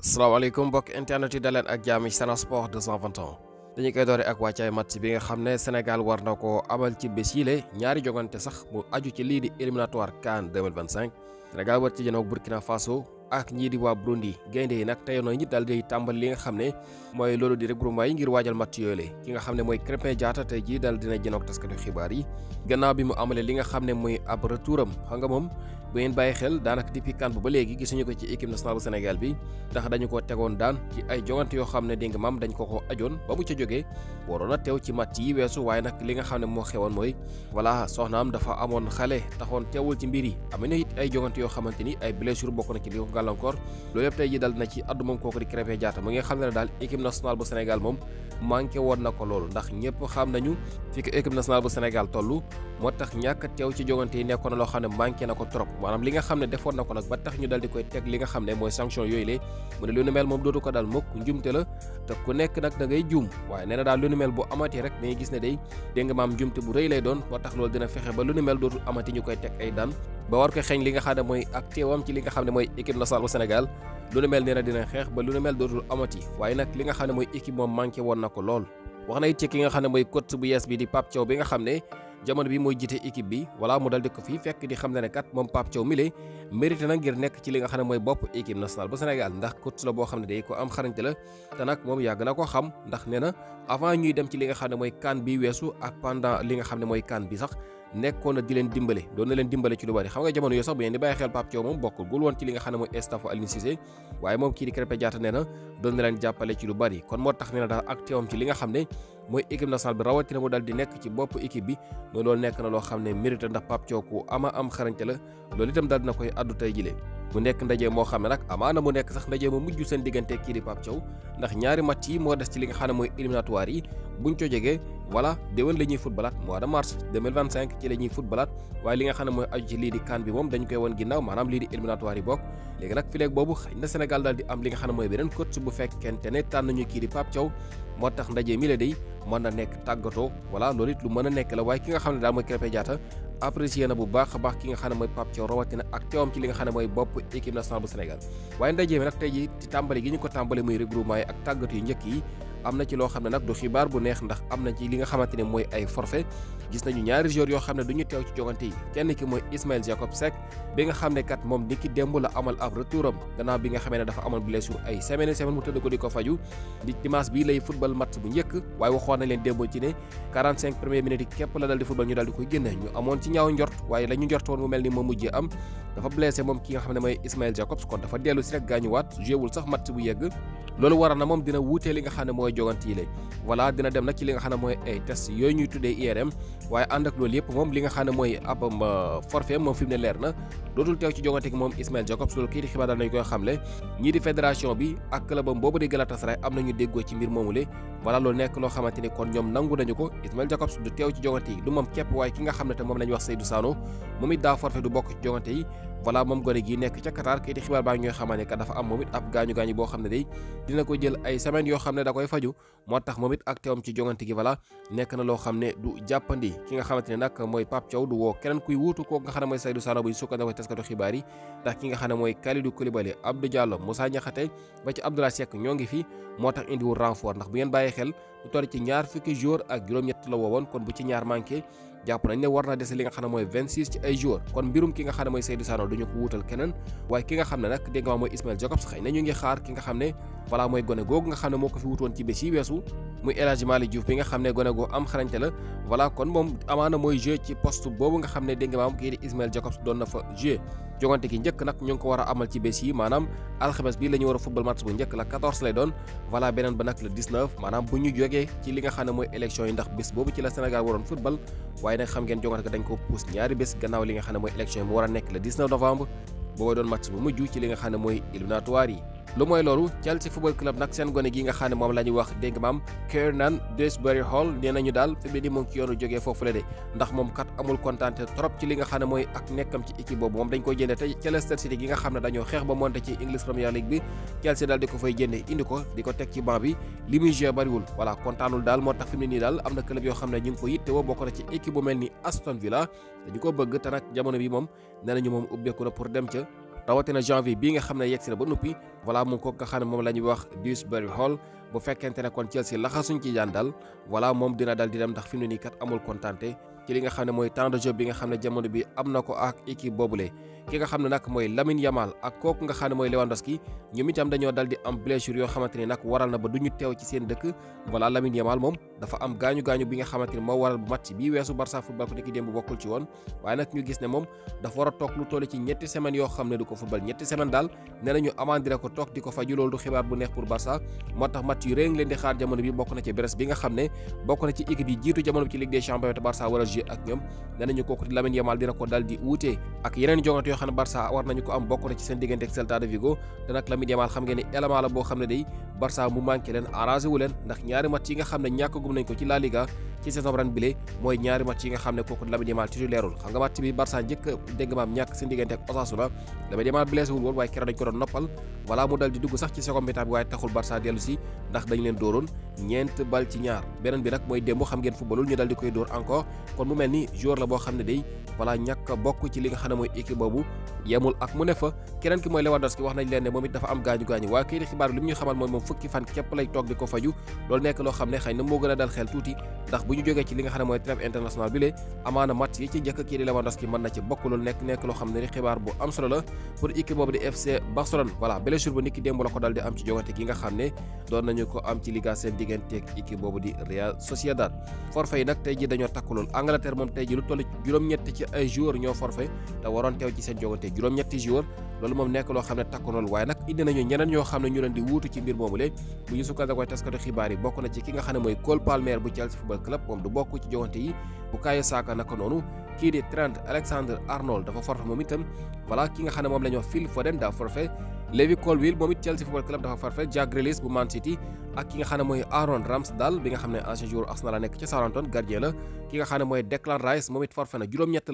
salaamaaleykum mbokk internet yi daleen ak jaam ci Sen Sport 221 dañu koy doore ak wàccaay match bi nga xam ne Sénégal war na ko amal ci bés ñaari jogante sax mu aju ci lii di éliminatoire CAN 2025 Sénégal war ci jënoog Burkina Faso ak ñii di waa Burundi gaynde yi nag tey noonu ñi daal di tàmbali li nga xam ne mooy loolu di regroupement yi ngir waajal match yooyu la ki nga xam ne mooy Krépin Diatta tey jii daal dina jënoog taskatu xibaar yi gannaaw bi mu amalee li nga xam ne mooy ab retouram xam nga moom bu ngeen bàyyi xel daanaka depuis kan bu ba léegi gisuñu ko ci équipe nationale bu Sénégal bi ndax dañu ko tegoon daan ci ay jogante yoo xam ne di maam dañ ko ko ajoon ba mu ca jógee waroon a teew ci match yi weesu waaye nag li nga xam ne moo xewoon mooy voilà soxnaam dafa amoon xale taxoon teewul ci mbir yi am na it ay jogante yoo xamante ni ay blessure bokk na ci li ko gàllankoor loolu yëpp tey ji dal na ci addu moom kooku di Krépin Diatta mu nga xam ne daal équipe nationale bu Sénégal moom woon na ko loolu ndax ñëpp xam nañu fi ko équipe nationale bu Sénégal toll moo tax ñàkk teew ci jogante yi nekkoon na loo xam ne manqué na ko trop maanaam li nga xam ne defoon na ko nag ba tax ñu dal di koy teg li nga xam ne mooy sanction yooyu lee mu ne lu nu mel moom dootu ko daal mukk njumte la te ku nekk nag da ngay juum waaye nee na daal lu nu mel bu amati rek dañuy gis ne day dégg nga maam njumte bu rëy lay doon moo tax lool dina fexe ba lu nu mel dootu amati ñu koy teg ay daan ba war ko xeeñ li nga xam ne mooy ak teewam ci li nga xam ne mooy équipe nationale bu Sénégal lu nu na dina xeex ba lu nu mel amati waaye nag li nga xam ne mooy équipe moom manqué woon na ko lool wax na it ci ki mooy coach yees bi di Pape Thiaw bi jamono bi mooy jiite équipe bi wala mu dal di ko fi fekk di xam ne ne kat moom Pape Thiaw mile mérité na ngir nekk ci li nga xam ne mooy bopp équipe nationale bu Sénégal ndax coach la boo xam ne day ko am xarañte la te nag moom yàgg na ko xam ndax ne na avant ñuy dem ci li nga xam ne mooy CAN bi weesu ak pendant li nga xam ne mooy CAN bi sax nekkoon na di leen dimbale doon na leen dimbale ci lu bari xam nga jamono yoo sax bu ngeen di bàyyi xel Pape Thiaw moom bokkul gul woon ci li nga xam ne mooy stafu na doon na leen jàppale lu bari kon moo tax nee na daal ci li nga xam ne mooy équipe nationale bi rawatina mu daal di nekk ci bopp équipe bi mooy loolu nekk na loo xam ne mérite ndax Pape Thiaw ku ama am xarañte la loolu itam daal dina koy addu tey jile mu nekk ndaje moo xam ne nag amaana mu nekk sax ndaje mu mujj seen diggante kii di Pape Thiaw ndax ñaari match yi moo des ci li nga xam ne mooy éliminatoire yi buñ co jegee voilà déwén la ñuy footballaat mois de mars 2025 ci la ñuy footballaat waaye li nga xam ne mooy aju ci lii di CAN bi moom dañ koy woon ginnaaw maanaam lii di éliminatoire yi bokk léegi nag fileeg boobu xëy na Sénégal daal di am li nga xam ne mooy beneen coach bu fekkente ne tànn ñu kii di Pape Thiaw moo tax ndaje mi la day mën na nekk tàggatoo voilà loolu it lu mën nekk la waaye ki nga xam ne daal mooy Krépin Diatta apprécié na bu baax a baax ki nga xam ne mooy Pape Thiaw rawatina ak ne mooy bopp équipe nationale bu Sénégal waaye ndaje mi nag tey tàmbali gi ñu ko tàmbali muy regroupement yi ak yu njëkk yi am na ci loo xam ne nag du xibaar bu neex ndax am na ci li nga xamante ne mooy ay forfait gis nañu ñaari joueurs yoo xam ne duñu teew ci jogante yi kenn ki mooy Ismaël Jacob Seck bi nga xam ne kat moom ni ki démb la amal ab retouram gannaaw bi nga xamee ne dafa amoon blessure ay semaine semaine mu tëdd ko di ko faju di dimanche bii lay football match bu njëkk waaye waxoon na leen démb ci ne 45 première minute yi képp la dal di football ñu daal di koy génne ñu amoon ci ñaaw njort waaye la ñu mu mel ni moo mujjee am dafa blessé ki nga xam ne mooy Ismaël Jacobs kon dafa dellu si rek gaañuwaat joué wul sax bu yegg loolu waral na moom dina wuutee li nga xam ne mooy jogante yi la voilà dina dem nag li nga xam ne mooy ay test yooyu ñuy tuddee IRM waaye ànd ak loolu yëpp moom li nga xam ne mooy ab um, forfait moom fi mu ne leer na dootul teew ci jongante gi moom Ismail Jacobs loolu kii di xibaar daal nañu koy xamle ñii di fédération bi ak clubam boobu di Galatasaray am na ñu déggoo ci mbir moomule voilà loolu nekk loo xamante ni kon ñoom nangu nañu ko Ismail Jacobs du teew ci jongante yi du moom képp waaye ki nga xam ne te moom la ñu wax Seydou Sano moom it daa forfait du bokk ci jongante yi voilà moom gone gi nekk ca Qatar kayiti xibaar baa ñooy xamal ne que dafa am moom it ab gaañu gaañu boo xam ne day dina ko jël ay semaines yoo xam ne da koy faju moo tax moom it ak teewam ci jongante nekk na loo xam ne du jàppandi ki nga xamante ne nag mooy Pape Thiaw du woo keneen kuy wuutu ko nga xam ne mooy Seydou Sano buñ sukkandikoo taskatu xibaar yi ndax ki nga xam ne mooy Kalidou Koulibaly Abdou Diallo Moussa Niakhaté ba ci Abdoulaye Seck ñoo ngi fi moo tax indiwul renfort ndax bu ngeen bàyyi xel lu ci ñaar fukki jours ak juróom-ñett la woowoon kon bu ci ñaar manqué jàpp nañ ne war na dese li nga xam ne mooy 26 ci ay jours kon mbirum ki nga xam ne mooy Seydou Sano duñu ko wuutal keneen waaye ki nga xam ne nag dégg nga mooy Ismail Jacobs xëy na ñu ngi xaar ki nga xam ne voilà mooy gone googu nga xam ne moo ko fi wutoon ci bés yi weesu muy El Hadji Malick Diouf bi nga xam ne gone goo am xarañte la voilà kon moom amaana mooy joué ci poste boobu nga xam ne dégg nga maam kii di Ismail Jacobs na fa gi njëkk nag ñu ngi ko war a amal ci bés yi maanaam alxames bi la ñu war a football match bu njëkk la 14 lay doon voilà beneen ba nag le maanaam bu ñu jógee ci li nga xam ne mooy élection yi ndax bés boobu ci la Sénégal waroon football waaye nag xam ngeen jogante ko dañ ko pousse ñaari bés gannaaw li nga xam ne mooy élection yi a nekk le 19 novembre booboo lu moy lolu Chelsea football club nak sen goné gi nga xamné mom lañu wax dégg mam kernan desbury Hall nee nañu daal fi di mo ngi yoru joggé fofu la ndax mom kat amul contenté trop ci li nga xamné moy ak nekkam ci équipe bobu mom dañ ko jëndé tay ca Leicester City gi nga xamné dañu xex ba monté ci English Premier League bi Chelsea dal di ko fay jëndé indi ko di tek ci banc bi limi jé bari wul wala kontaanul dal mo tax fi ni dal amna club yo xamné ñing ko yitté wo bokk na ci équipe bu melni Aston Villa dañ ko bëgg te nag jamono bi mom nee nañu ubbé ko na pour dem ci rawatina janvier bi nga xamne yexina ba nopi voilà moom ko xamne mom ne wax Dewsbury Hall bu fekkente ne kon Chelsea la xasuñ ci jandal dal voilà moom dina dal di dem ndax fi ni kat amul contenté ci li nga xam ne mooy temps de jeu bi nga xam ne jamono bi am na ko ak équipe boobule ki nga xam ne nag mooy Lamine Yamal ak kooku nga xam ne mooy Lewandowski ñoom itam dañoo dal di am blessure yoo xamante ni waral na ba du teew ci seen dëkk voilà Lamine Yamal moom dafa am gaañu gaañu bi nga xamante moo waral bu match weesu Barça football ko dëkk démb bokkul ci woon waaye nag ñu gis ne moom dafa war a toog lu toll ci ñetti semaines yoo xam jugé ak ñom danañu kooku di Lamine Yamal dina ko dal di wuute ak yeneen jongante yo xamne Barça war nañu ko am bokku na ci seen diggante ak Celta de Vigo da nak Lamine Yamal xam ngeen ne élément la bo xamne day Barça mu manké len arrangé wu len ndax ñaari match yi nga xamne ñak gum nañ ko ci La Liga ci saison ran bilé moy ñaari match yi nga xamne koku Lamine Yamal titulairul xam nga match bi Barça jëk dégg maam ñak seen diggante ak Osasuna Lamine Yamal blessé wu won way keroog dañ ko don noppal wala mu dal di dugg sax ci second mi-temps way taxul Barça dellu ci ndax dañ leen dooron ñent bal ci ñaar benen bi nak moy dembu xam ngeen footballul ñu dal di koy door encore kon mu mel ni joueur la boo xam ne day voilà ñàkk a bokk ci li nga xam ne mooy équipe boobu yemul ak mu ne fa keneen ki mooy Lewandowski wax nañ leen moom it dafa am gaañu gaañu waaye kayit xibaar bi li mu xamal mooy moom fukki fan képp lay toog di ko faju loolu nekk loo xam ne xëy na moo gën a dal xel tuuti ndax bu ñu jógee ci li nga xam ne mooy trêve international bi lée amaana match yi ci njëkk kii di Lewandowski mën na ci bokk nekk nekk loo xam ne ni xibaar nga xam ne doon nañu ko am ci liga seen digganteeg équipe boobu di Real Sociedad forfait yi nag tey ji dañoo takk Angleterre moom tey ji lu toll juróom-ñett ci ay joueurs ñoo forfait te waroon teew ci seen jogante juróom-ñetti joueurs loolu moom nekk loo xam ne takku waaye nag indi nañu ñeneen ñoo football club moom du bokk ci joŋante yi Bukayo Saka naka noonu kii de Trent Alexander Arnold dafa forfait moom itam voilà ki nga xam ne moom la ñu wax Phil Foden daa forfait Levy Colwill moom it Chelsea football club dafa farfe Jack Grealish bu Man City ak ki nga xam ne mooy Aaron Ramsdale bi nga xam ne ancien joueur Arsenal la nekk ca Southampton gardien la ki nga ne mooy Declan Rice moom it forfait na juróom-ñett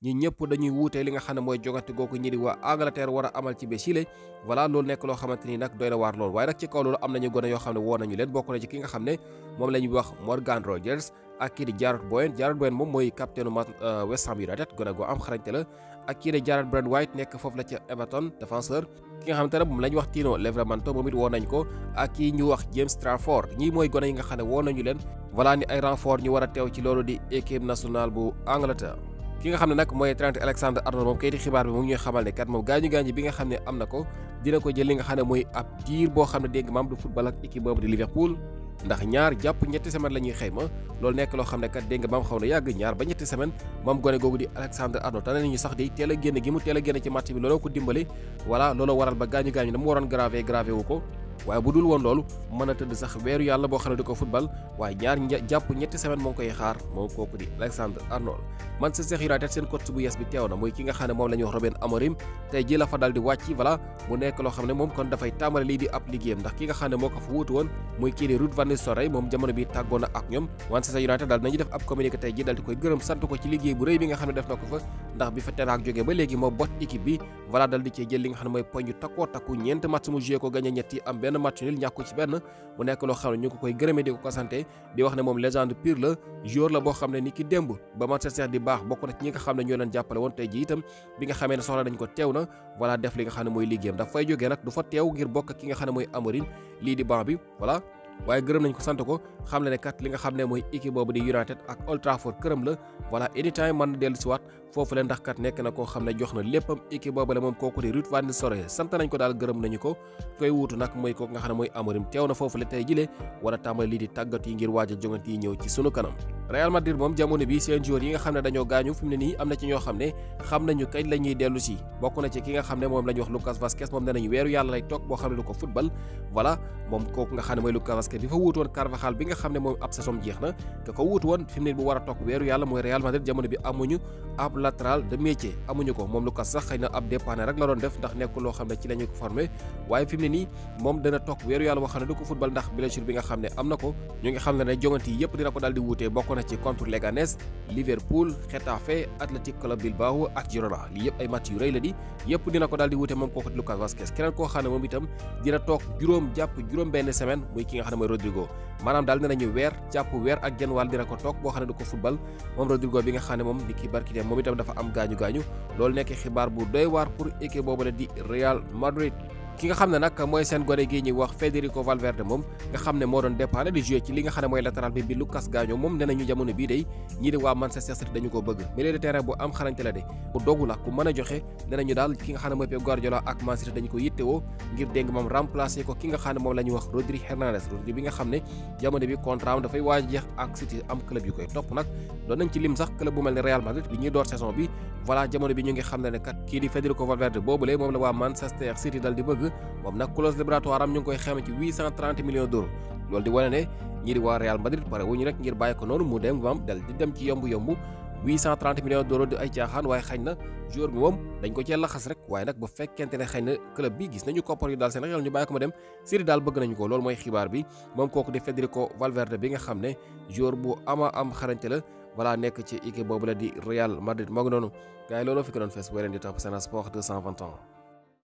ñëpp dañuy wuute li nga xam ne mooy jogante googu ñi di waa Angleterre war a amal ci Chile voilà loolu nekk loo xamante ni nag doy na waar lool waaye nag ci kaw loolu am nañu gone yoo xam ne woo leen bokk na ci ki nga xam ne moom la ñuy wax Morgan Rogers ak kii di Jarrod Bowen Jarrod Bowen moom mooy capitaine uh, West Ham United gona go am xarañte la ak kii Brand White nek foofu la ci Everton défenseur ki nga xamantene mom lañ wax Tino levramento momit won nañ ko ak kii ñu wax James Trafford ñi moy gona yi nga xane won nañu len wala ni ay renfort ñu wara tew ci lolu di équipe nationale bu Angleterre. ki nga xamne nak moy Trent Alexander Arnold mom kayti xibaar bi mu ñuy xamal ne kat moom gañu gañu bi nga xamne amna ko dina ko jël li nga xamne moy ab diir boo xam ne du football ak équipe bobu di Liverpool. ndax ñaar jàpp ñetti semaine la ñuy ma loolu nekk loo xam ne kat dégg nga maam xaw na yàgg ñaar ba ñetti semaine moom gone googu di Alexandre Arnold tane nañu sax di teel a génn gi mu teel a génn ci match bi looloo ko dimbali voilà looloo waral ba gaañu gaañu na mu waroon gravé gravé ko waaye bu dul woon loolu mën a tëdd sax weeru yàlla boo xam ne di ko football waaye ñaar jàpp ñetti semaine moo koy xaar moom kooku di Alexander Arnold Manchester United seen coach bu yes bi teew na mooy ki nga xam ne moom la ñuy wax Ruben Amorim tey ji la nekk loo xam ne moom kon dafay tàmbale lii di ab liggéeyam ndax ki nga xam ne moo ko fa wuutu woon muy kii di Ruud van Nistelrooy moom jamono bi tàggoo ak ñoom Manchester United daal nañu def ab communiqué tey ji dal di koy gërëm sant ko ci liggéey bu rëy bi nga xam ne def na ko fa ndax moo bot équipe voilà dal di cee jël li nga xam ne mooy poñ yu takkoo takku ñeent match mu joué ko gagné ñetti am benn match nul ñàkku ci benn mu nekk loo xam ne ñu ngi koy gërëmee di ko ko santé di wax ne moom légende pure la joueur la xam na ci ñi nga xam ne ne mooy liggéeyam daf fay nag du fa teew ngir bokk ki nga xam ne mooy Amorim lii di banc bi voilà waaye gërëm nañ ko sant ko xam ne kat li nga xam ne mooy équipe boobu di United ak Old Trafford la voilà anytime mën na si waat foofu la ndax kat nekk na koo xam ne jox na léppam équipe boobale moom kooku di nga xam ne mooy Amorim teew na foofu la a bi am ne xam nañu kañ la ñuy fa wuutu woon Carvajal bi nga xam ne moom ab saison jeex na te ko wuutu woon fi mu bu war a weeru yàlla mooy Real Madrid jamono bi amuñu ab latéral de métier amuñu ko lu ko sax xeyna na ab dépanne rek la doon def ndax nekk lo xam ci lañu ko formé waye fimné ni mom dana tok wéru yalla waxam du ko football ndax blessure bi nga xamné amna ko ñu ngi xamné né ne yi dina ko daldi wuté bokko na ci contre Leganés Liverpool Getafe Athletic Club Bilbao ak Girona li yépp ay match yu reey la di yépp dina ko daldi wuté mom moom Lucas Vazquez keneen ko xamné mom itam dina tok juroom japp juroom benn semaine muy ki nga xamné Rodrigo manam dal nañu wér japp wér ak genwal dina ko tok bo xamné du ko football mom Rodrigo bi nga xamné mom di ki barki dem mom itam dafa am gaañu gaañu loolu nekk xibaar bu doy waar pour équipe boobale di Real Madrid. ki nga xam ne nag mooy seen gone gi ñuy wax Federico Valverde moom nga xam ne moo doon dépanne di ci li nga xam ne mooy latéral bi bi Lucas Gagno moom nee nañu jamono bii day ñii di waa Manchester City dañu ko bëgg milieu de bu am xarañte de ku dogu la ku mën a joxe nee nañu daal ki nga xam ne mooy Pep Guardiola ak Man dañu ko yittewoo ngir dégg moom remplacer ko ki nga xam ne moom la wax Rodri Hernandez Rodri bi nga bëgg moom nag clause libératoire am ñu ngi koy xayma ci 830 millions d'euros loolu di wane ne ñii di waa Real Madrid pare wuñu rek ngir bàyyi ko noonu mu dem maam dal di dem ci yomb-yomb 830 millions d'euros ay caaxaan waaye xañ na joueur bi moom dañ ko cee laxas rek waaye nag bu fekkente ne xëy na club bi gis nañu koppar yu daal Sénégal ñu bàyyi ko ma dem Syrie daal bëgg nañu ko loolu mooy xibaar bi moom kooku di Federico Valverde bi nga xam ne joueur bu ama am xarañte moo ngi noonu gars